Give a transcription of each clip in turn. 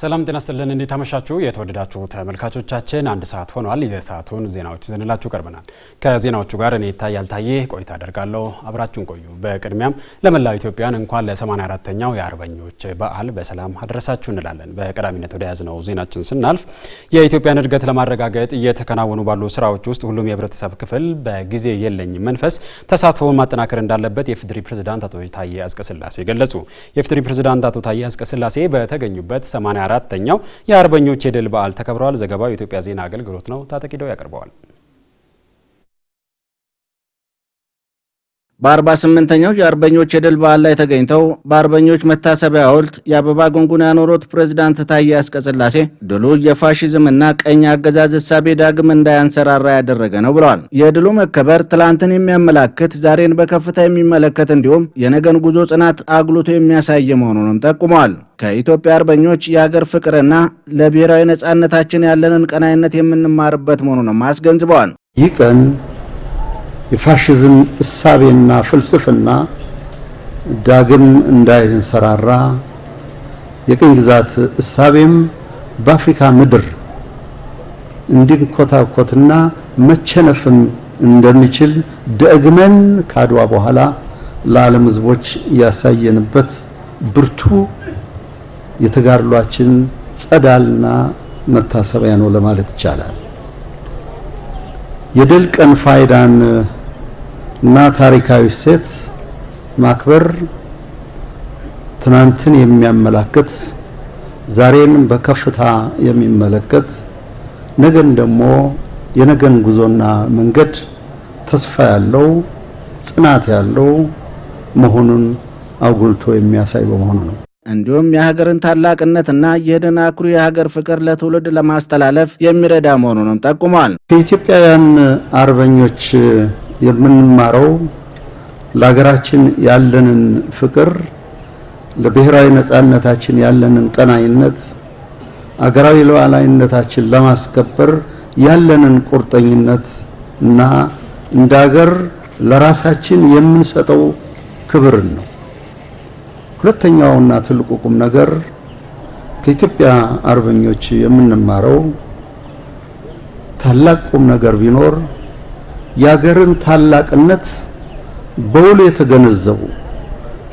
ሰላም ጤና ስጥልን። እንዴት አመሻችሁ? የተወደዳችሁ ተመልካቾቻችን አንድ ሰዓት ሆኗል። የሰዓቱን ዜናዎች ይዘንላችሁ ቀርበናል። ከዜናዎቹ ጋር እኔ ይታያል ታዬ ቆይታ አደርጋለሁ። አብራችሁን ቆዩ። በቅድሚያም ለመላው ኢትዮጵያን እንኳን ለ84ኛው የአርበኞች በዓል በሰላም አደረሳችሁ እንላለን። በቀዳሚነት ወደ ያዝነው ዜናችን ስናልፍ የኢትዮጵያን እድገት ለማረጋገጥ እየተከናወኑ ባሉ ስራዎች ውስጥ ሁሉም የህብረተሰብ ክፍል በጊዜ የለኝ መንፈስ ተሳትፎ ማጠናከር እንዳለበት የኢፌዴሪ ፕሬዝዳንት አቶ ታዬ አጽቀሥላሴ ገለጹ። የኢፌዴሪ ፕሬዚዳንት አቶ ታዬ አጽቀሥላሴ በተገኙበት 84 አራተኛው የአርበኞች የድል በዓል ተከብረዋል። ዘገባው የኢትዮጵያ ዜና አገልግሎት ነው። ታጠቂደው ያቀርበዋል። በ48ኛው የአርበኞች የድል በዓል ላይ ተገኝተው በአርበኞች መታሰቢያ ሐውልት የአበባ ጉንጉን ያኖሩት ፕሬዝዳንት ታዬ አጽቀሥላሴ ድሉ እና ቀኝ አገዛዝ እሳቤ ዳግም እንዳያንሰራራ ያደረገ ነው ብለዋል። የድሉ መከበር ትላንትን የሚያመላክት ዛሬን በከፍታ የሚመለከት እንዲሁም የነገን ጉዞ ጽናት አጉልቶ የሚያሳይ መሆኑንም ጠቁመዋል። ከኢትዮጵያ አርበኞች የአገር ፍቅርና ለብሔራዊ ነጻነታችን ያለንን ቀናይነት የምንማርበት መሆኑንም አስገንዝበዋል። ይህ ቀን የፋሽዝም እሳቤና ፍልስፍና ዳግም እንዳይንሰራራ የቅኝ ግዛት እሳቤም በአፍሪካ ምድር እንዲንኮታኮትና መቸነፍም እንደሚችል ደግመን ከአድዋ በኋላ ለዓለም ሕዝቦች ያሳየንበት ብርቱ የተጋድሏችን ጸዳልና መታሰቢያ ነው ለማለት ይቻላል። የድል ቀን ፋይዳን እና ታሪካዊ ሴት ማክበር ትናንትን የሚያመላክት ዛሬን በከፍታ የሚመለከት ነገን ደግሞ የነገን ጉዞና መንገድ ተስፋ ያለው ጽናት ያለው መሆኑን አጉልቶ የሚያሳይ በመሆኑ ነው። እንዲሁም የሀገርን ታላቅነትና ይህንን አኩሪ የሀገር ፍቅር ለትውልድ ለማስተላለፍ የሚረዳ መሆኑንም ጠቁሟል። ከኢትዮጵያውያን አርበኞች የምንማረው ለሀገራችን ያለንን ፍቅር፣ ለብሔራዊ ነጻነታችን ያለንን ቀናይነት፣ አገራዊ ሉዓላዊነታችን ለማስከበር ያለንን ቁርጠኝነት እና እንደ ሀገር ለራሳችን የምንሰጠው ክብርን ነው። ሁለተኛውና ትልቁ ቁም ነገር ከኢትዮጵያ አርበኞች የምንማረው ታላቅ ቁም ነገር ቢኖር የአገርን ታላቅነት በውል የተገነዘቡ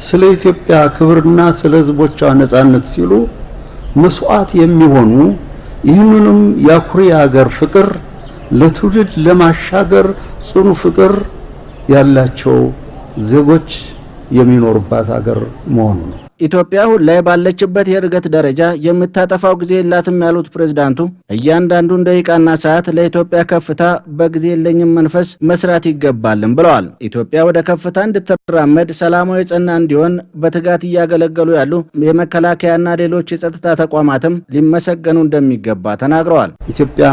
ስለ ኢትዮጵያ ክብርና ስለ ሕዝቦቿ ነጻነት ሲሉ መስዋዕት የሚሆኑ ይህንንም የአኩሪ አገር ፍቅር ለትውልድ ለማሻገር ጽኑ ፍቅር ያላቸው ዜጎች የሚኖሩባት አገር መሆኑ ነው። ኢትዮጵያ አሁን ላይ ባለችበት የእድገት ደረጃ የምታጠፋው ጊዜ የላትም ያሉት ፕሬዝዳንቱ እያንዳንዱን ደቂቃና ሰዓት ለኢትዮጵያ ከፍታ በጊዜ የለኝም መንፈስ መስራት ይገባልም ብለዋል። ኢትዮጵያ ወደ ከፍታ እንድትራመድ ሰላማዊ ጽና እንዲሆን በትጋት እያገለገሉ ያሉ የመከላከያና ሌሎች የጸጥታ ተቋማትም ሊመሰገኑ እንደሚገባ ተናግረዋል። ኢትዮጵያ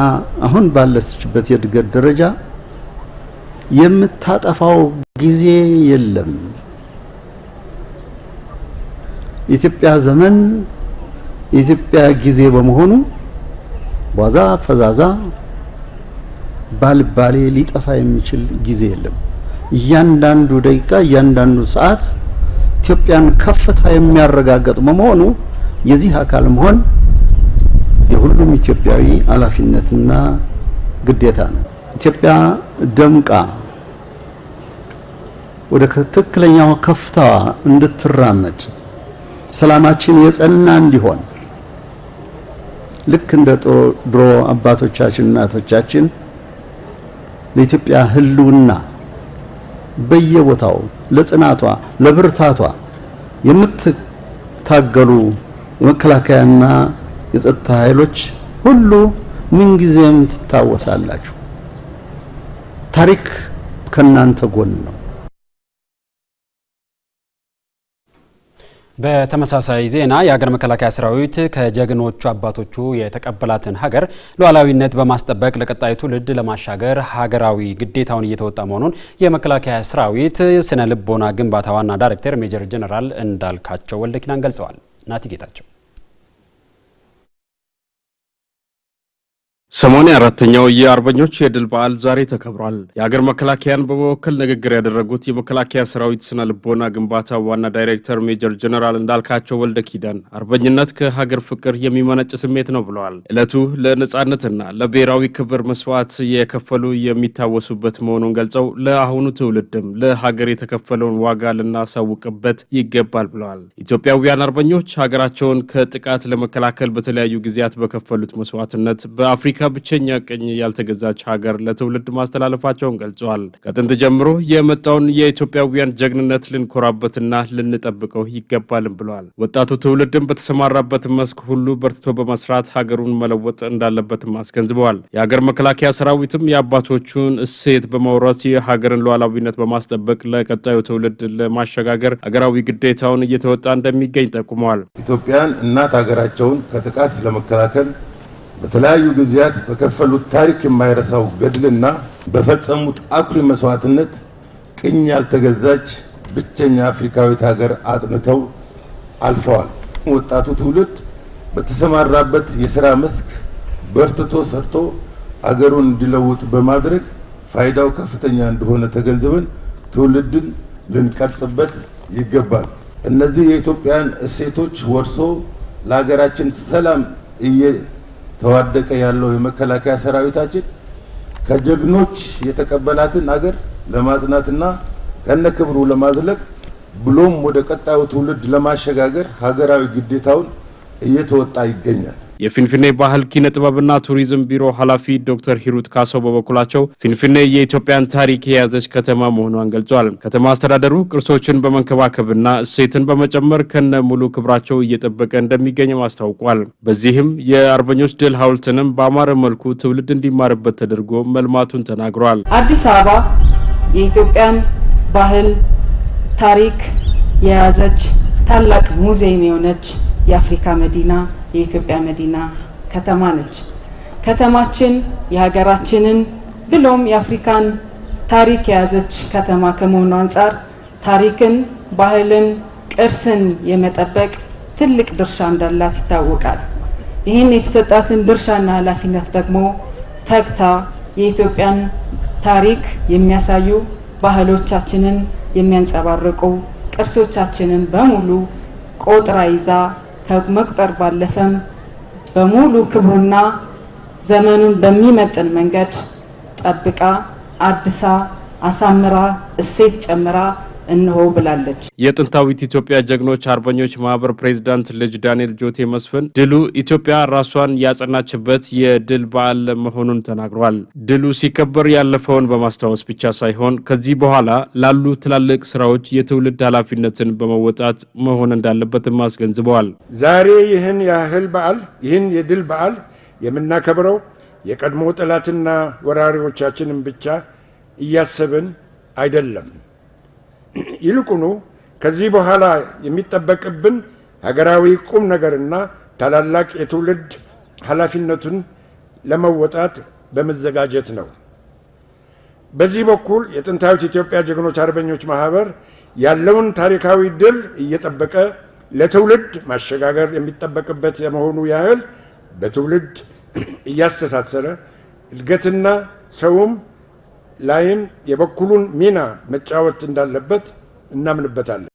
አሁን ባለችበት የእድገት ደረጃ የምታጠፋው ጊዜ የለም። የኢትዮጵያ ዘመን የኢትዮጵያ ጊዜ በመሆኑ ዋዛ ፈዛዛ ባልባሌ ሊጠፋ የሚችል ጊዜ የለም። እያንዳንዱ ደቂቃ፣ እያንዳንዱ ሰዓት ኢትዮጵያን ከፍታ የሚያረጋግጥ በመሆኑ የዚህ አካል መሆን የሁሉም ኢትዮጵያዊ ኃላፊነትና ግዴታ ነው። ኢትዮጵያ ደምቃ ወደ ትክክለኛው ከፍታዋ እንድትራመድ ሰላማችን የጸና እንዲሆን ልክ እንደ ድሮ አባቶቻችን እናቶቻችን ለኢትዮጵያ ህልውና በየቦታው ለጽናቷ ለብርታቷ የምትታገሉ የመከላከያና የጸጥታ ኃይሎች ሁሉ ምንጊዜም ትታወሳላችሁ። ታሪክ ከእናንተ ጎን ነው። በተመሳሳይ ዜና የሀገር መከላከያ ሰራዊት ከጀግኖቹ አባቶቹ የተቀበላትን ሀገር ሉዓላዊነት በማስጠበቅ ለቀጣዩ ትውልድ ለማሻገር ሀገራዊ ግዴታውን እየተወጣ መሆኑን የመከላከያ ሰራዊት ስነ ልቦና ግንባታ ዋና ዳይሬክተር ሜጀር ጀነራል እንዳልካቸው ወልደኪናን ገልጸዋል። ናቲ ጌታቸው ሰሞኔ አራተኛው የአርበኞች የድል በዓል ዛሬ ተከብሯል። የሀገር መከላከያን በመወከል ንግግር ያደረጉት የመከላከያ ሰራዊት ስነ ልቦና ግንባታ ዋና ዳይሬክተር ሜጀር ጀነራል እንዳልካቸው ወልደ ኪዳን አርበኝነት ከሀገር ፍቅር የሚመነጭ ስሜት ነው ብለዋል። ዕለቱ ለነጻነትና ለብሔራዊ ክብር መስዋዕት የከፈሉ የሚታወሱበት መሆኑን ገልጸው ለአሁኑ ትውልድም ለሀገር የተከፈለውን ዋጋ ልናሳውቅበት ይገባል ብለዋል። ኢትዮጵያውያን አርበኞች ሀገራቸውን ከጥቃት ለመከላከል በተለያዩ ጊዜያት በከፈሉት መስዋዕትነት በአፍሪካ አሜሪካ ብቸኛ ቅኝ ያልተገዛች ሀገር ለትውልድ ማስተላለፋቸውን ገልጸዋል። ከጥንት ጀምሮ የመጣውን የኢትዮጵያውያን ጀግንነት ልንኮራበትና ልንጠብቀው ይገባልም ብለዋል። ወጣቱ ትውልድም በተሰማራበት መስክ ሁሉ በርትቶ በመስራት ሀገሩን መለወጥ እንዳለበትም አስገንዝበዋል። የሀገር መከላከያ ሰራዊትም የአባቶቹን እሴት በማውራት የሀገርን ሉዓላዊነት በማስጠበቅ ለቀጣዩ ትውልድ ለማሸጋገር ሀገራዊ ግዴታውን እየተወጣ እንደሚገኝ ጠቁመዋል። ኢትዮጵያን እናት ሀገራቸውን ከጥቃት ለመከላከል በተለያዩ ጊዜያት በከፈሉት ታሪክ የማይረሳው ገድልና በፈጸሙት አኩሪ መስዋዕትነት ቅኝ ያልተገዛች ብቸኛ አፍሪካዊት ሀገር አጥንተው አልፈዋል። ወጣቱ ትውልድ በተሰማራበት የሥራ መስክ በርትቶ ሰርቶ አገሩን እንዲለውጥ በማድረግ ፋይዳው ከፍተኛ እንደሆነ ተገንዝበን ትውልድን ልንቀርጽበት ይገባል። እነዚህ የኢትዮጵያን እሴቶች ወርሶ ለሀገራችን ሰላም እየ ተዋደቀ ያለው የመከላከያ ሰራዊታችን ከጀግኖች የተቀበላትን አገር ለማጽናትና ከነክብሩ ለማዝለቅ ብሎም ወደ ቀጣዩ ትውልድ ለማሸጋገር ሀገራዊ ግዴታውን እየተወጣ ይገኛል። የፊንፊኔ ባህል ኪነ ጥበብና ቱሪዝም ቢሮ ኃላፊ ዶክተር ሂሩት ካሰው በበኩላቸው ፊንፊኔ የኢትዮጵያን ታሪክ የያዘች ከተማ መሆኗን ገልጿል። ከተማ አስተዳደሩ ቅርሶችን በመንከባከብና እሴትን በመጨመር ከነ ሙሉ ክብራቸው እየጠበቀ እንደሚገኝም አስታውቋል። በዚህም የአርበኞች ድል ሐውልትንም በአማረ መልኩ ትውልድ እንዲማርበት ተደርጎ መልማቱን ተናግሯል። አዲስ አበባ የኢትዮጵያን ባህል ታሪክ የያዘች ታላቅ ሙዚየም የሆነች የአፍሪካ መዲና የኢትዮጵያ መዲና ከተማ ነች። ከተማችን የሀገራችንን ብሎም የአፍሪካን ታሪክ የያዘች ከተማ ከመሆኑ አንጻር ታሪክን፣ ባህልን፣ ቅርስን የመጠበቅ ትልቅ ድርሻ እንዳላት ይታወቃል። ይህን የተሰጣትን ድርሻና ኃላፊነት ደግሞ ተግታ የኢትዮጵያን ታሪክ የሚያሳዩ ባህሎቻችንን የሚያንጸባርቁ ቅርሶቻችንን በሙሉ ቆጥራ ይዛ ከመቁጠር ባለፈም በሙሉ ክብሩና ዘመኑን በሚመጥን መንገድ ጠብቃ አድሳ አሳምራ እሴት ጨምራ እንሆ ብላለች። የጥንታዊት ኢትዮጵያ ጀግኖች አርበኞች ማህበር ፕሬዚዳንት ልጅ ዳንኤል ጆቴ መስፍን ድሉ ኢትዮጵያ ራሷን ያጸናችበት የድል በዓል መሆኑን ተናግሯል። ድሉ ሲከበር ያለፈውን በማስታወስ ብቻ ሳይሆን ከዚህ በኋላ ላሉ ትላልቅ ስራዎች የትውልድ ኃላፊነትን በመወጣት መሆን እንዳለበትም አስገንዝበዋል። ዛሬ ይህን ያህል በዓል ይህን የድል በዓል የምናከብረው የቀድሞ ጠላትና ወራሪዎቻችንን ብቻ እያሰብን አይደለም። ይልቁኑ ከዚህ በኋላ የሚጠበቅብን ሀገራዊ ቁም ነገርና ታላላቅ የትውልድ ኃላፊነቱን ለመወጣት በመዘጋጀት ነው። በዚህ በኩል የጥንታዊት ኢትዮጵያ ጀግኖች አርበኞች ማህበር ያለውን ታሪካዊ ድል እየጠበቀ ለትውልድ ማሸጋገር የሚጠበቅበት የመሆኑ ያህል በትውልድ እያስተሳሰረ እድገትና ሰውም ላይም የበኩሉን ሚና መጫወት እንዳለበት እናምንበታለን።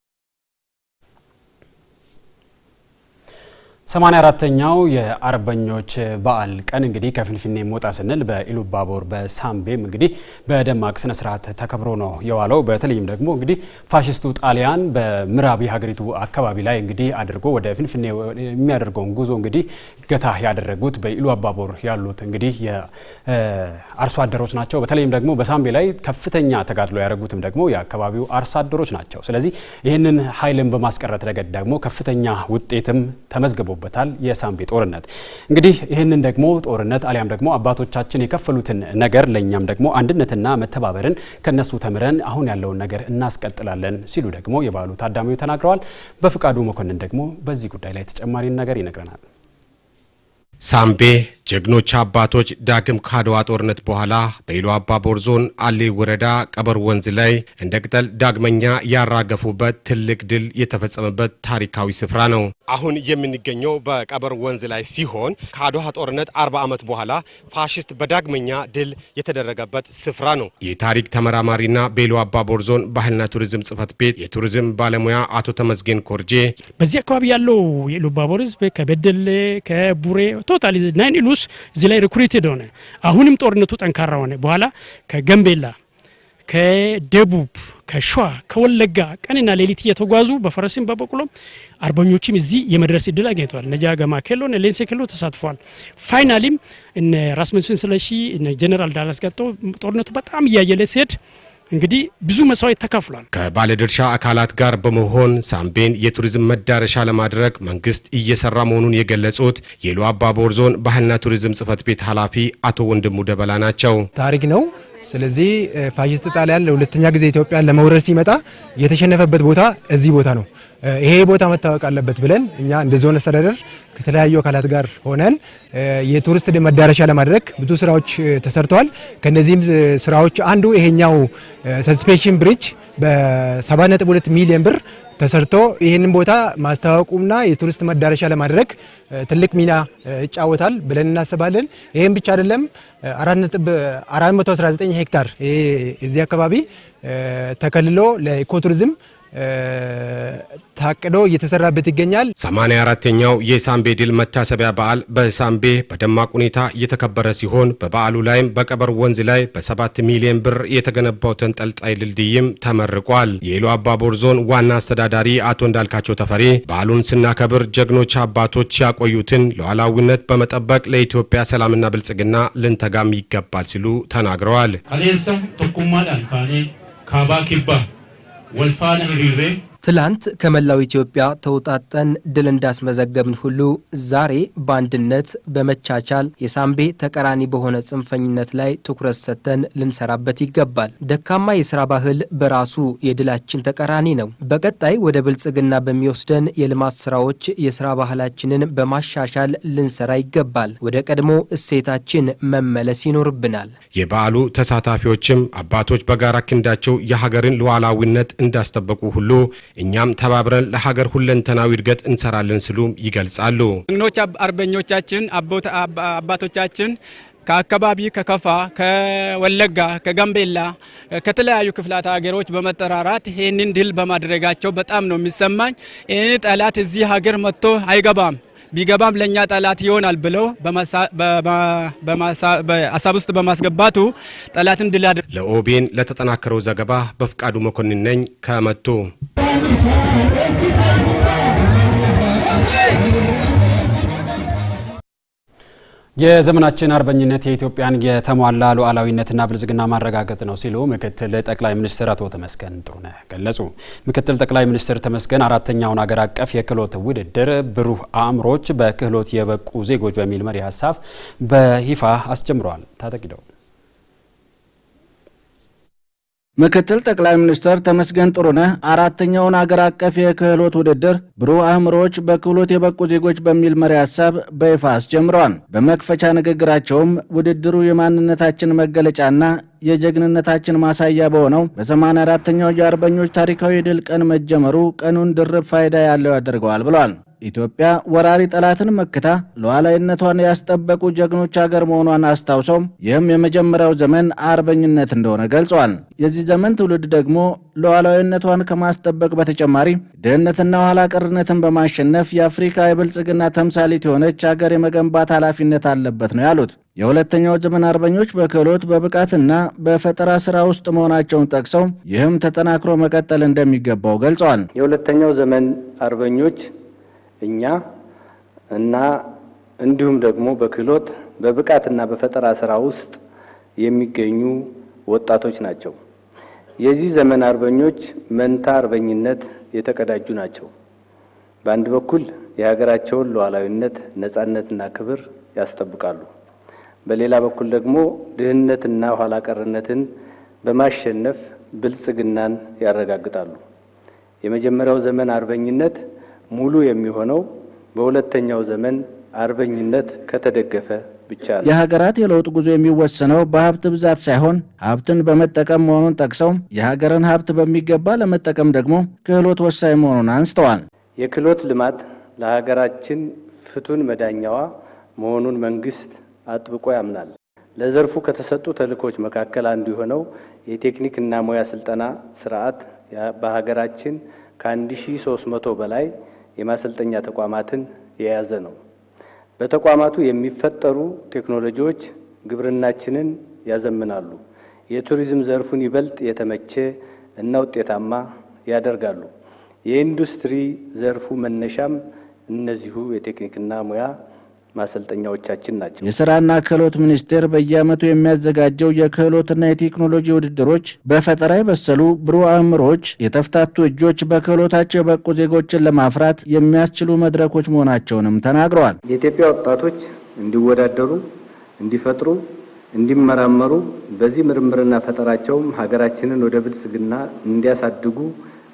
84 አራተኛው የአርበኞች በዓል ቀን እንግዲህ ከፍንፍኔ ሞጣ ስንል በኢሉባቦር በሳምቤም እንግዲህ በደማቅ ስነ ስርዓት ተከብሮ ነው የዋለው። በተለይም ደግሞ እንግዲህ ፋሽስቱ ጣሊያን በምዕራብ የሀገሪቱ አካባቢ ላይ እንግዲህ አድርጎ ወደ ፍንፍኔ የሚያደርገውን ጉዞ እንግዲህ ገታ ያደረጉት በኢሉባቦር ያሉት እንግዲህ የአርሶ አደሮች ናቸው። በተለይም ደግሞ በሳምቤ ላይ ከፍተኛ ተጋድሎ ያደረጉትም ደግሞ የአካባቢው አርሶ አደሮች ናቸው። ስለዚህ ይህንን ኃይልን በማስቀረት ረገድ ደግሞ ከፍተኛ ውጤትም ተመዝግቦ ተደርጎበታል የሳምቢ ጦርነት። እንግዲህ ይህንን ደግሞ ጦርነት አሊያም ደግሞ አባቶቻችን የከፈሉትን ነገር ለእኛም ደግሞ አንድነትና መተባበርን ከነሱ ተምረን አሁን ያለውን ነገር እናስቀጥላለን ሲሉ ደግሞ የበዓሉ ታዳሚው ተናግረዋል። በፍቃዱ መኮንን ደግሞ በዚህ ጉዳይ ላይ ተጨማሪ ነገር ይነግረናል። ሳምቤ ጀግኖች አባቶች ዳግም ከአድዋ ጦርነት በኋላ በኢሉ አባቦር ዞን አሌ ወረዳ ቀበር ወንዝ ላይ እንደ ቅጠል ዳግመኛ ያራገፉበት ትልቅ ድል የተፈጸመበት ታሪካዊ ስፍራ ነው። አሁን የምንገኘው በቀበር ወንዝ ላይ ሲሆን ከአድዋ ጦርነት 40 ዓመት በኋላ ፋሽስት በዳግመኛ ድል የተደረገበት ስፍራ ነው። የታሪክ ተመራማሪና በኢሉ አባቦር ዞን ባህልና ቱሪዝም ጽፈት ቤት የቱሪዝም ባለሙያ አቶ ተመስገን ኮርጄ በዚህ አካባቢ ያለው የኢሉ አባቦር ሕዝብ ከበደሌ ከቡሬ ቶታሊ ናይን ኢሉስ እዚህ ላይ ሪኩሪትድ ሆነ። አሁንም ጦርነቱ ጠንካራ ሆነ። በኋላ ከገንቤላ ከደቡብ ከሸዋ ከወለጋ ቀንና ሌሊት እየተጓዙ በፈረስም በበቅሎም አርበኞችም እዚህ የመድረስ እድል አግኝተዋል። እነ ጃገማ ኬሎ እነ ሌንሴ ኬሎ ተሳትፈዋል። ፋይናሊም እነ ራስ ስለሺ እነ ጀኔራል ዳላስ ጋር ጦርነቱ በጣም እያየለ ሲሄድ እንግዲህ ብዙ መስዋዕት ተከፍሏል። ከባለድርሻ አካላት ጋር በመሆን ሳምቤን የቱሪዝም መዳረሻ ለማድረግ መንግስት እየሰራ መሆኑን የገለጹት የሉ አባቦር ዞን ባህልና ቱሪዝም ጽህፈት ቤት ኃላፊ አቶ ወንድሙ ደበላ ናቸው። ታሪክ ነው። ስለዚህ ፋሽስት ጣሊያን ለሁለተኛ ጊዜ ኢትዮጵያን ለመውረር ሲመጣ የተሸነፈበት ቦታ እዚህ ቦታ ነው። ይሄ ቦታ መታወቅ አለበት ብለን እኛ እንደ ዞን አስተዳደር ከተለያዩ አካላት ጋር ሆነን የቱሪስት መዳረሻ ለማድረግ ብዙ ስራዎች ተሰርተዋል። ከነዚህም ስራዎች አንዱ ይሄኛው ሰስፔንሽን ብሪጅ በ7.2 ሚሊዮን ብር ተሰርቶ ይህንን ቦታ ማስተዋወቁና የቱሪስት መዳረሻ ለማድረግ ትልቅ ሚና ይጫወታል ብለን እናስባለን። ይህም ብቻ አይደለም፣ 419 ሄክታር እዚህ አካባቢ ተከልሎ ለኢኮቱሪዝም ታቅዶ እየተሰራበት ይገኛል። 84ኛው የሳምቤ ድል መታሰቢያ በዓል በሳምቤ በደማቅ ሁኔታ እየተከበረ ሲሆን በበዓሉ ላይም በቀበር ወንዝ ላይ በ7 ሚሊዮን ብር የተገነባው ተንጠልጣይ ድልድይም ተመርቋል። የኢሉ አባቦር ዞን ዋና አስተዳዳሪ አቶ እንዳልካቸው ተፈሪ በዓሉን ስናከብር ጀግኖች አባቶች ያቆዩትን ሉዓላዊነት በመጠበቅ ለኢትዮጵያ ሰላምና ብልጽግና ልንተጋም ይገባል ሲሉ ተናግረዋል። والفان arrivé ትላንት ከመላው ኢትዮጵያ ተውጣጠን ድል እንዳስመዘገብን ሁሉ ዛሬ በአንድነት በመቻቻል የሳምቤ ተቀራኒ በሆነ ጽንፈኝነት ላይ ትኩረት ሰጥተን ልንሰራበት ይገባል። ደካማ የስራ ባህል በራሱ የድላችን ተቀራኒ ነው። በቀጣይ ወደ ብልጽግና በሚወስደን የልማት ስራዎች የስራ ባህላችንን በማሻሻል ልንሰራ ይገባል። ወደ ቀድሞ እሴታችን መመለስ ይኖርብናል። የበዓሉ ተሳታፊዎችም አባቶች በጋራ ክንዳቸው የሀገርን ሉዓላዊነት እንዳስጠበቁ ሁሉ እኛም ተባብረን ለሀገር ሁለንተናዊ እድገት እንሰራለን ሲሉም ይገልጻሉ። ጀግኖች አርበኞቻችን አባቶቻችን ከአካባቢ ከከፋ፣ ከወለጋ፣ ከጋምቤላ፣ ከተለያዩ ክፍላት ሀገሮች በመጠራራት ይህንን ድል በማድረጋቸው በጣም ነው የሚሰማኝ። ይህ ጠላት እዚህ ሀገር መጥቶ አይገባም ቢገባም ለእኛ ጠላት ይሆናል ብለው ሀሳብ ውስጥ በማስገባቱ ጠላትን ድል ለኦቤን ለተጠናከረው ዘገባ በፍቃዱ መኮንን ነኝ ከመቱ የዘመናችን አርበኝነት የኢትዮጵያን የተሟላ ሉዓላዊነትና ብልጽግና ማረጋገጥ ነው ሲሉ ምክትል ጠቅላይ ሚኒስትር አቶ ተመስገን ጥሩነህ ገለጹ። ምክትል ጠቅላይ ሚኒስትር ተመስገን አራተኛውን አገር አቀፍ የክህሎት ውድድር ብሩህ አእምሮች በክህሎት የበቁ ዜጎች በሚል መሪ ሀሳብ በይፋ አስጀምረዋል። ታጠቂደው ምክትል ጠቅላይ ሚኒስትር ተመስገን ጥሩነህ አራተኛውን አገር አቀፍ የክህሎት ውድድር ብሩህ አእምሮዎች በክህሎት የበቁ ዜጎች በሚል መሪ ሀሳብ በይፋ አስጀምረዋል። በመክፈቻ ንግግራቸውም ውድድሩ የማንነታችን መገለጫና የጀግንነታችን ማሳያ በሆነው በ አራተኛው የአርበኞች ታሪካዊ ድል ቀን መጀመሩ ቀኑን ድርብ ፋይዳ ያለው ያደርገዋል ብለዋል። ኢትዮጵያ ወራሪ ጠላትን መክታ ሉዓላዊነቷን ያስጠበቁ ጀግኖች አገር መሆኗን አስታውሰው ይህም የመጀመሪያው ዘመን አርበኝነት እንደሆነ ገልጸዋል። የዚህ ዘመን ትውልድ ደግሞ ሉዓላዊነቷን ከማስጠበቅ በተጨማሪ ድህነትና ኋላ ቀርነትን በማሸነፍ የአፍሪካ የብልጽግና ተምሳሌት የሆነች ሀገር የመገንባት ኃላፊነት አለበት ነው ያሉት። የሁለተኛው ዘመን አርበኞች በክህሎት በብቃትና በፈጠራ ስራ ውስጥ መሆናቸውን ጠቅሰው ይህም ተጠናክሮ መቀጠል እንደሚገባው ገልጸዋል። የሁለተኛው ዘመን አርበኞች እኛ እና እንዲሁም ደግሞ በክህሎት በብቃትና በፈጠራ ስራ ውስጥ የሚገኙ ወጣቶች ናቸው። የዚህ ዘመን አርበኞች መንታ አርበኝነት የተቀዳጁ ናቸው። በአንድ በኩል የሀገራቸውን ሉዓላዊነት ነጻነትና ክብር ያስጠብቃሉ። በሌላ በኩል ደግሞ ድህነትና ኋላ ቀርነትን በማሸነፍ ብልጽግናን ያረጋግጣሉ። የመጀመሪያው ዘመን አርበኝነት ሙሉ የሚሆነው በሁለተኛው ዘመን አርበኝነት ከተደገፈ ብቻ ነው። የሀገራት የለውጥ ጉዞ የሚወሰነው በሀብት ብዛት ሳይሆን ሀብትን በመጠቀም መሆኑን ጠቅሰው የሀገርን ሀብት በሚገባ ለመጠቀም ደግሞ ክህሎት ወሳኝ መሆኑን አንስተዋል። የክህሎት ልማት ለሀገራችን ፍቱን መዳኛዋ መሆኑን መንግስት አጥብቆ ያምናል። ለዘርፉ ከተሰጡ ተልእኮች መካከል አንዱ የሆነው የቴክኒክና ሙያ ስልጠና ስርዓት በሀገራችን ከ1300 በላይ የማሰልጠኛ ተቋማትን የያዘ ነው። በተቋማቱ የሚፈጠሩ ቴክኖሎጂዎች ግብርናችንን ያዘምናሉ፣ የቱሪዝም ዘርፉን ይበልጥ የተመቸ እና ውጤታማ ያደርጋሉ። የኢንዱስትሪ ዘርፉ መነሻም እነዚሁ የቴክኒክና ሙያ ማሰልጠኛዎቻችን ናቸው። የስራና ክህሎት ሚኒስቴር በየዓመቱ የሚያዘጋጀው የክህሎትና የቴክኖሎጂ ውድድሮች በፈጠራ የበሰሉ ብሩህ አእምሮች፣ የተፍታቱ እጆች፣ በክህሎታቸው የበቁ ዜጎችን ለማፍራት የሚያስችሉ መድረኮች መሆናቸውንም ተናግረዋል። የኢትዮጵያ ወጣቶች እንዲወዳደሩ፣ እንዲፈጥሩ፣ እንዲመራመሩ በዚህ ምርምርና ፈጠራቸውም ሀገራችንን ወደ ብልጽግና እንዲያሳድጉ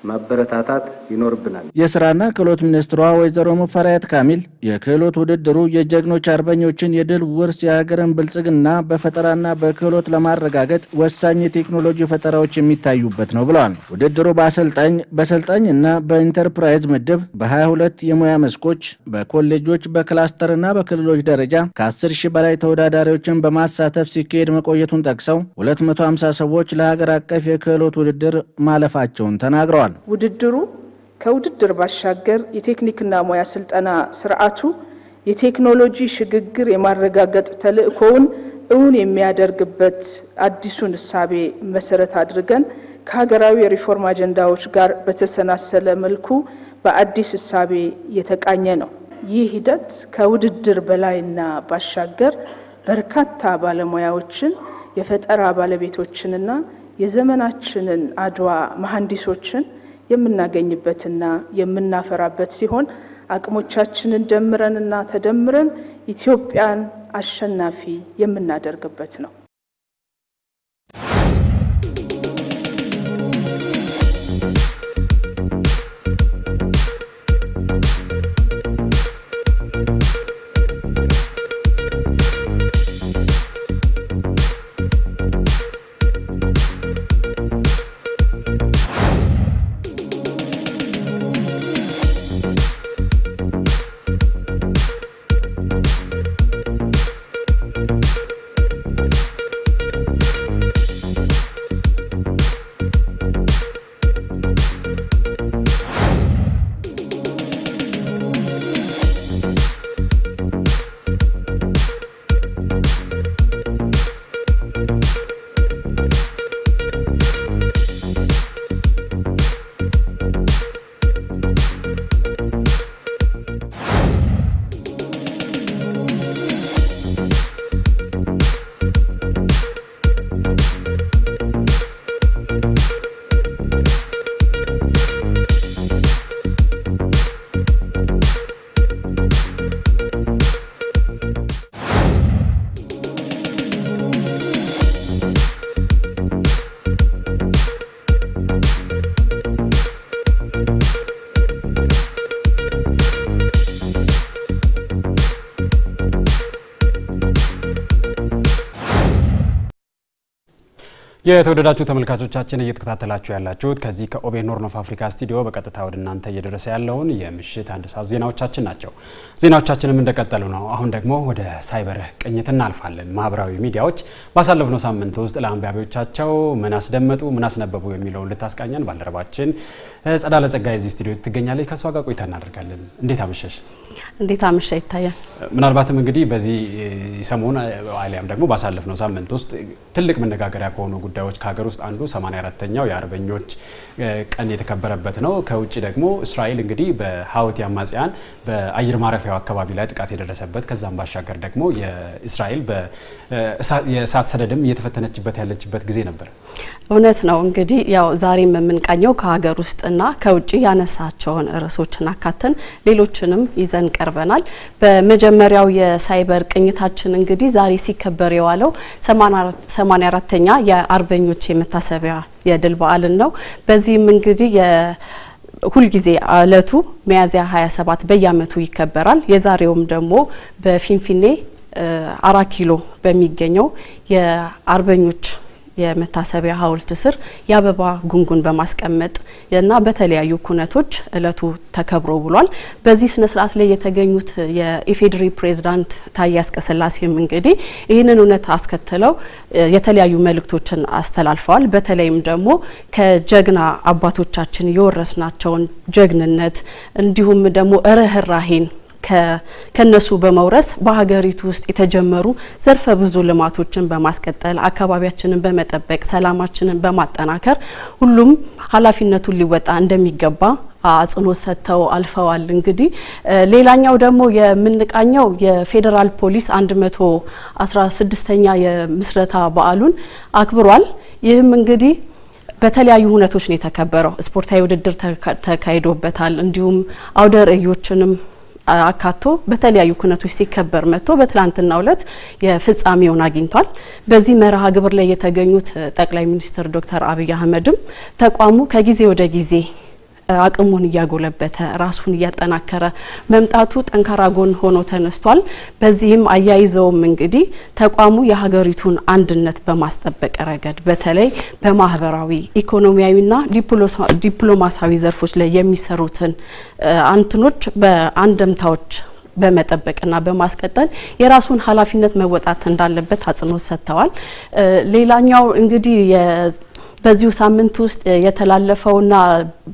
ማበረታታት ይኖርብናል። የስራና ክህሎት ሚኒስትሯ ወይዘሮ ሙፈሪያት ካሚል የክህሎት ውድድሩ የጀግኖች አርበኞችን የድል ውርስ የሀገርን ብልጽግና በፈጠራና በክህሎት ለማረጋገጥ ወሳኝ የቴክኖሎጂ ፈጠራዎች የሚታዩበት ነው ብለዋል። ውድድሩ በአሰልጣኝ በሰልጣኝና በኢንተርፕራይዝ ምድብ በ22 የሙያ መስኮች በኮሌጆች በክላስተርና በክልሎች ደረጃ ከ10 ሺህ በላይ ተወዳዳሪዎችን በማሳተፍ ሲካሄድ መቆየቱን ጠቅሰው 250 ሰዎች ለሀገር አቀፍ የክህሎት ውድድር ማለፋቸውን ተናግረዋል። ተጠናቋል። ውድድሩ ከውድድር ባሻገር የቴክኒክና ሙያ ስልጠና ስርዓቱ የቴክኖሎጂ ሽግግር የማረጋገጥ ተልዕኮውን እውን የሚያደርግበት አዲሱን እሳቤ መሰረት አድርገን ከሀገራዊ የሪፎርም አጀንዳዎች ጋር በተሰናሰለ መልኩ በአዲስ እሳቤ የተቃኘ ነው። ይህ ሂደት ከውድድር በላይና ባሻገር በርካታ ባለሙያዎችን የፈጠራ ባለቤቶችንና የዘመናችንን አድዋ መሐንዲሶችን የምናገኝበትና የምናፈራበት ሲሆን አቅሞቻችንን ደምረንና ተደምረን ኢትዮጵያን አሸናፊ የምናደርግበት ነው። የተወደዳችሁ ተመልካቾቻችን እየተከታተላችሁ ያላችሁት ከዚህ ከኦቤን ሆርን ኦፍ አፍሪካ ስቱዲዮ በቀጥታ ወደ እናንተ እየደረሰ ያለውን የምሽት አንድ ሰዓት ዜናዎቻችን ናቸው። ዜናዎቻችንም እንደቀጠሉ ነው። አሁን ደግሞ ወደ ሳይበር ቅኝት እናልፋለን። ማህበራዊ ሚዲያዎች ባሳለፍነው ሳምንት ውስጥ ለአንባቢዎቻቸው ምን አስደመጡ፣ ምን አስነበቡ የሚለውን ልታስቃኘን ባልደረባችን ጸዳለ ጸጋይ እዚህ ስቱዲዮ ትገኛለች። ከእሷ ጋር ቆይታ እናደርጋለን። እንዴት አመሸሽ? እንዴት አመሻ ይታያል። ምናልባትም እንግዲህ በዚህ ሰሞን አሊያም ደግሞ ባሳለፍነው ሳምንት ውስጥ ትልቅ መነጋገሪያ ከሆኑ ጉዳዮች ጉዳዮች ከሀገር ውስጥ አንዱ 84ተኛው የአርበኞች ቀን የተከበረበት ነው። ከውጭ ደግሞ እስራኤል እንግዲህ በሀውቲ አማጽያን በአየር ማረፊያው አካባቢ ላይ ጥቃት የደረሰበት ከዛም ባሻገር ደግሞ የእስራኤል የእሳት ሰደድም እየተፈተነችበት ያለችበት ጊዜ ነበር። እውነት ነው። እንግዲህ ያው ዛሬም የምንቃኘው ከሀገር ውስጥና ከውጭ ያነሳቸውን ርዕሶችን አካተን ሌሎችንም ይዘን ቀርበናል። በመጀመሪያው የሳይበር ቅኝታችን እንግዲህ ዛሬ ሲከበር የዋለው 84ተኛ የአርበ የአርበኞች የመታሰቢያ የድል በዓልን ነው። በዚህም እንግዲህ ሁልጊዜ እለቱ ሚያዝያ 27 በየአመቱ ይከበራል። የዛሬውም ደግሞ በፊንፊኔ አራት ኪሎ በሚገኘው የአርበኞች የመታሰቢያ ሐውልት ስር የአበባ ጉንጉን በማስቀመጥ እና በተለያዩ ኩነቶች እለቱ ተከብሮ ብሏል። በዚህ ስነ ስርዓት ላይ የተገኙት የኢፌዴሪ ፕሬዝዳንት ታዬ አጽቀሥላሴም እንግዲህ ይህንን እውነት አስከትለው የተለያዩ መልእክቶችን አስተላልፈዋል። በተለይም ደግሞ ከጀግና አባቶቻችን የወረስናቸውን ጀግንነት እንዲሁም ደግሞ ርህራሄን ከነሱ በመውረስ በሀገሪቱ ውስጥ የተጀመሩ ዘርፈ ብዙ ልማቶችን በማስቀጠል አካባቢያችንን በመጠበቅ ሰላማችንን በማጠናከር ሁሉም ኃላፊነቱን ሊወጣ እንደሚገባ አጽንኦት ሰጥተው አልፈዋል። እንግዲህ ሌላኛው ደግሞ የምንቃኘው የፌዴራል ፖሊስ አስራ ስድስተኛ የምስረታ በዓሉን አክብሯል። ይህም እንግዲህ በተለያዩ ሁነቶች ነው የተከበረው። ስፖርታዊ ውድድር ተካሂዶበታል። እንዲሁም አውደ ርዕዮችንም አካቶ በተለያዩ ኩነቶች ሲከበር መጥቶ በትላንትና ዕለት የፍጻሜውን አግኝቷል። በዚህ መርሃ ግብር ላይ የተገኙት ጠቅላይ ሚኒስትር ዶክተር አብይ አህመድም ተቋሙ ከጊዜ ወደ ጊዜ አቅሙን እያጎለበተ ራሱን እያጠናከረ መምጣቱ ጠንካራ ጎን ሆኖ ተነስቷል። በዚህም አያይዘውም እንግዲህ ተቋሙ የሀገሪቱን አንድነት በማስጠበቅ ረገድ በተለይ በማህበራዊ ኢኮኖሚያዊና ዲፕሎማሲያዊ ዘርፎች ላይ የሚሰሩትን አንትኖች በአንደምታዎች በመጠበቅና በማስቀጠል የራሱን ኃላፊነት መወጣት እንዳለበት አጽንኦት ሰጥተዋል። ሌላኛው እንግዲህ በዚሁ ሳምንት ውስጥ የተላለፈውና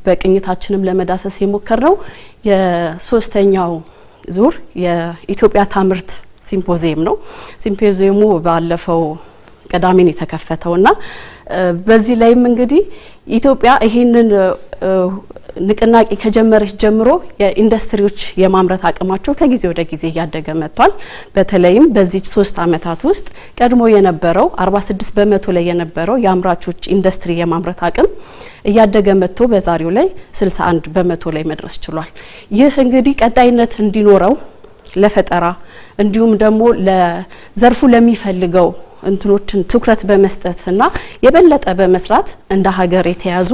በቅኝታችንም ለመዳሰስ የሞከርነው የሶስተኛው ዙር የኢትዮጵያ ታምርት ሲምፖዚየም ነው። ሲምፖዚየሙ ባለፈው ቅዳሜን የተከፈተውና በዚህ ላይም እንግዲህ ኢትዮጵያ ይህንን ንቅናቄ ከጀመረች ጀምሮ የኢንዱስትሪዎች የማምረት አቅማቸው ከጊዜ ወደ ጊዜ እያደገ መጥቷል። በተለይም በዚህ ሶስት አመታት ውስጥ ቀድሞ የነበረው 46 በመቶ ላይ የነበረው የአምራቾች ኢንዱስትሪ የማምረት አቅም እያደገ መጥቶ በዛሬው ላይ 61 በመቶ ላይ መድረስ ችሏል። ይህ እንግዲህ ቀጣይነት እንዲኖረው ለፈጠራ እንዲሁም ደግሞ ለዘርፉ ለሚፈልገው እንትኖችን ትኩረት በመስጠትና የበለጠ በመስራት እንደ ሀገር የተያዙ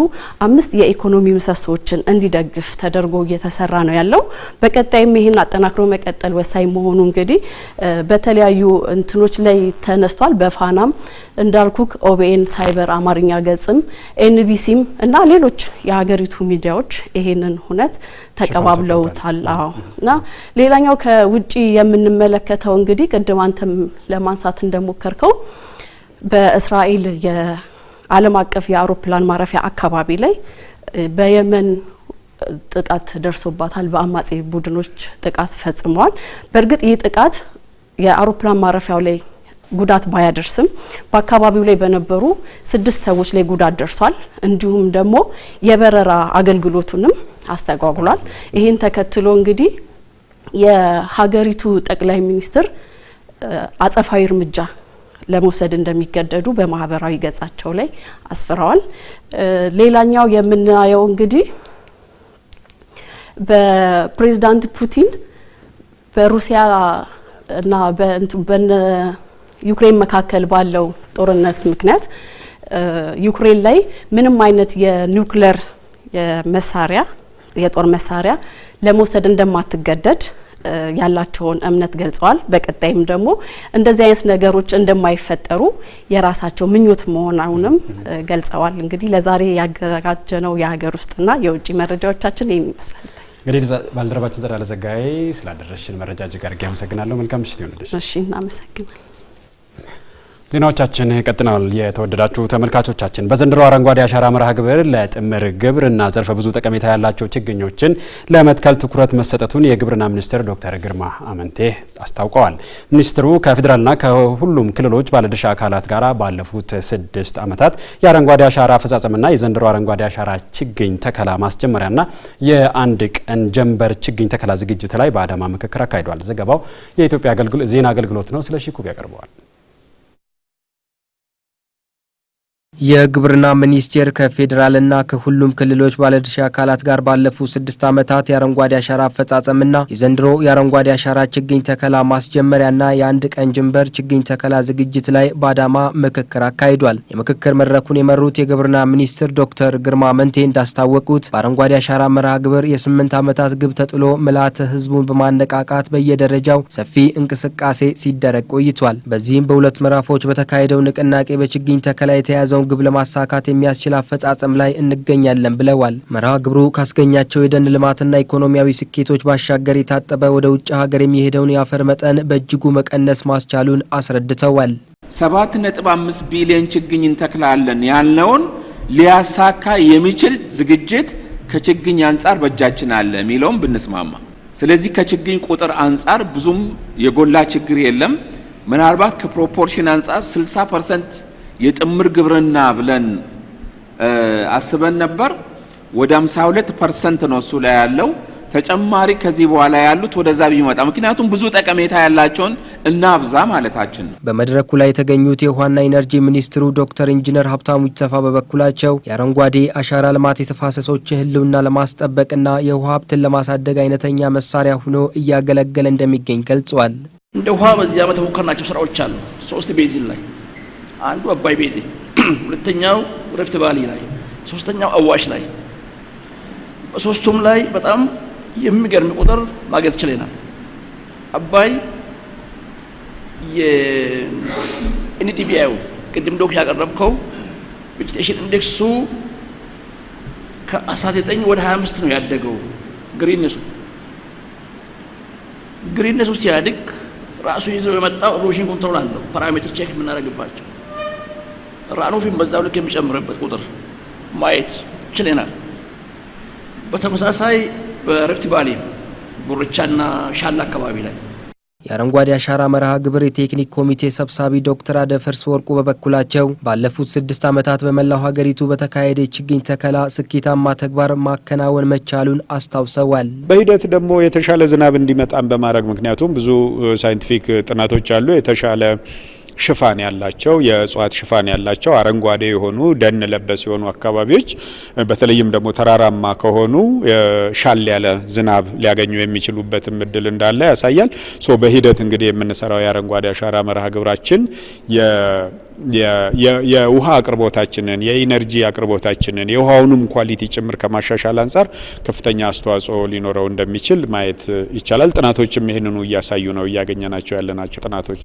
አምስት የኢኮኖሚ ምሰሶዎችን እንዲደግፍ ተደርጎ እየተሰራ ነው ያለው። በቀጣይም ይህን አጠናክሮ መቀጠል ወሳኝ መሆኑ እንግዲህ በተለያዩ እንትኖች ላይ ተነስቷል። በፋናም እንዳልኩክ ኦቢኤን ሳይበር አማርኛ ገጽም ኤንቢሲም እና ሌሎች የሀገሪቱ ሚዲያዎች ይሄንን ሁነት ተቀባብለውታል። አዎ እና ሌላኛው ከውጪ የምንመለከተው እንግዲህ ቅድም አንተም ለማንሳት እንደሞከርከው በእስራኤል የዓለም አቀፍ የአውሮፕላን ማረፊያ አካባቢ ላይ በየመን ጥቃት ደርሶባታል። በአማጼ ቡድኖች ጥቃት ፈጽመዋል። በእርግጥ ይህ ጥቃት የአውሮፕላን ማረፊያው ላይ ጉዳት ባያደርስም በአካባቢው ላይ በነበሩ ስድስት ሰዎች ላይ ጉዳት ደርሷል። እንዲሁም ደግሞ የበረራ አገልግሎቱንም አስተጓጉሏል። ይህን ተከትሎ እንግዲህ የሀገሪቱ ጠቅላይ ሚኒስትር አጸፋዊ እርምጃ ለመውሰድ እንደሚገደዱ በማህበራዊ ገጻቸው ላይ አስፍረዋል። ሌላኛው የምናየው እንግዲህ በፕሬዚዳንት ፑቲን በሩሲያ እና ዩክሬን መካከል ባለው ጦርነት ምክንያት ዩክሬን ላይ ምንም አይነት የኒውክሌር መሳሪያ የጦር መሳሪያ ለመውሰድ እንደማትገደድ ያላቸውን እምነት ገልጸዋል። በቀጣይም ደግሞ እንደዚህ አይነት ነገሮች እንደማይፈጠሩ የራሳቸው ምኞት መሆናቸውንም ገልጸዋል። እንግዲህ ለዛሬ ያዘጋጀነው የሀገር ውስጥና የውጭ መረጃዎቻችን ይህን ይመስላል። እንግዲህ ባልደረባችን ዘር ዘጋዬ ስላደረሽን መረጃ እጅግ አድርጌ አመሰግናለሁ። መልካም ምሽት ይሆንልሽ። እሺ፣ እናመሰግናል። ዜናዎቻችን ቀጥለዋል። የተወደዳችሁ ተመልካቾቻችን በዘንድሮ አረንጓዴ አሻራ መርሃ ግብር ለጥምር ግብርና ዘርፈ ብዙ ጠቀሜታ ያላቸው ችግኞችን ለመትከል ትኩረት መሰጠቱን የግብርና ሚኒስትር ዶክተር ግርማ አመንቴ አስታውቀዋል። ሚኒስትሩ ከፌዴራልና ከሁሉም ክልሎች ባለድርሻ አካላት ጋር ባለፉት ስድስት ዓመታት የአረንጓዴ አሻራ አፈጻጸምና የዘንድሮ አረንጓዴ አሻራ ችግኝ ተከላ ማስጀመሪያና የአንድ ቀን ጀንበር ችግኝ ተከላ ዝግጅት ላይ በአዳማ ምክክር አካሂዷል። ዘገባው የኢትዮጵያ ዜና አገልግሎት ነው። ስለሺ ኩብ ያቀርበዋል። የግብርና ሚኒስቴር ከፌዴራልና ከሁሉም ክልሎች ባለድርሻ አካላት ጋር ባለፉት ስድስት ዓመታት የአረንጓዴ አሻራ አፈጻጸምና የዘንድሮ የአረንጓዴ አሻራ ችግኝ ተከላ ማስጀመሪያና የአንድ ቀን ጅንበር ችግኝ ተከላ ዝግጅት ላይ በአዳማ ምክክር አካሂዷል። የምክክር መድረኩን የመሩት የግብርና ሚኒስትር ዶክተር ግርማ መንቴ እንዳስታወቁት በአረንጓዴ አሻራ መርሃ ግብር የስምንት ዓመታት ግብ ተጥሎ ምልዓተ ሕዝቡን በማነቃቃት በየደረጃው ሰፊ እንቅስቃሴ ሲደረግ ቆይቷል። በዚህም በሁለት ምዕራፎች በተካሄደው ንቅናቄ በችግኝ ተከላ የተያዘው የተሰጠውን ግብ ለማሳካት የሚያስችል አፈጻጸም ላይ እንገኛለን ብለዋል። መርሃ ግብሩ ካስገኛቸው የደን ልማትና ኢኮኖሚያዊ ስኬቶች ባሻገር የታጠበ ወደ ውጭ ሀገር የሚሄደውን የአፈር መጠን በእጅጉ መቀነስ ማስቻሉን አስረድተዋል። ሰባት ነጥብ አምስት ቢሊዮን ችግኝ እንተክላለን ያልነውን ሊያሳካ የሚችል ዝግጅት ከችግኝ አንጻር በእጃችን አለ የሚለውም ብንስማማ፣ ስለዚህ ከችግኝ ቁጥር አንጻር ብዙም የጎላ ችግር የለም። ምናልባት ከፕሮፖርሽን አንጻር 60 ፐርሰንት የጥምር ግብርና ብለን አስበን ነበር። ወደ 52 ፐርሰንት ነው እሱ ላይ ያለው ተጨማሪ ከዚህ በኋላ ያሉት ወደዛ ቢመጣ ምክንያቱም ብዙ ጠቀሜታ ያላቸውን እናብዛ ማለታችን ነው። በመድረኩ ላይ የተገኙት የውሃና ኢነርጂ ሚኒስትሩ ዶክተር ኢንጂነር ሀብታሙ ኢተፋ በበኩላቸው የአረንጓዴ አሻራ ልማት የተፋሰሶችን ሕልውና ለማስጠበቅና የውሃ ሀብትን ለማሳደግ አይነተኛ መሳሪያ ሆኖ እያገለገለ እንደሚገኝ ገልጿል። እንደ ውሃ በዚህ ዓመት የሞከርናቸው ስራዎች አሉ። ሶስት ቤዚን ላይ አንዱ አባይ ቤቴ ሁለተኛው ረፍት ባሊ ላይ ሶስተኛው አዋሽ ላይ በሶስቱም ላይ በጣም የሚገርም ቁጥር ማግኘት ችለናል አባይ የኤንዲቢአዩ ቅድም ዶክ ያቀረብከው ቬጂቴሽን ኢንዴክሱ ከ19 ወደ 25 ነው ያደገው ግሪነሱ ግሪንነሱ ሲያድግ ራሱ ይዘው የመጣው ኢሮዥን ኮንትሮል አለው ፓራሜትር ቼክ የምናደርግባቸው ራኖፊን በዛው ልክ የሚጨምርበት ቁጥር ማየት ችለናል። በተመሳሳይ በረፍት ባሌ ጉርቻና ሻላ አካባቢ ላይ የአረንጓዴ አሻራ መርሃ ግብር የቴክኒክ ኮሚቴ ሰብሳቢ ዶክተር አደፈርስ ወርቁ በበኩላቸው ባለፉት ስድስት ዓመታት በመላው ሀገሪቱ በተካሄደ ችግኝ ተከላ ስኬታማ ተግባር ማከናወን መቻሉን አስታውሰዋል። በሂደት ደግሞ የተሻለ ዝናብ እንዲመጣም በማድረግ ምክንያቱም ብዙ ሳይንቲፊክ ጥናቶች አሉ የተሻለ ሽፋን ያላቸው የእጽዋት ሽፋን ያላቸው አረንጓዴ የሆኑ ደን ለበስ የሆኑ አካባቢዎች በተለይም ደግሞ ተራራማ ከሆኑ ሻል ያለ ዝናብ ሊያገኙ የሚችሉበትም እድል እንዳለ ያሳያል። ሶ በሂደት እንግዲህ የምንሰራው የአረንጓዴ አሻራ መርሃ ግብራችን የውሃ አቅርቦታችንን የኢነርጂ አቅርቦታችንን የውሃውንም ኳሊቲ ጭምር ከማሻሻል አንጻር ከፍተኛ አስተዋጽኦ ሊኖረው እንደሚችል ማየት ይቻላል። ጥናቶችም ይህንኑ እያሳዩ ነው፣ እያገኘ ናቸው ያለ ናቸው ጥናቶች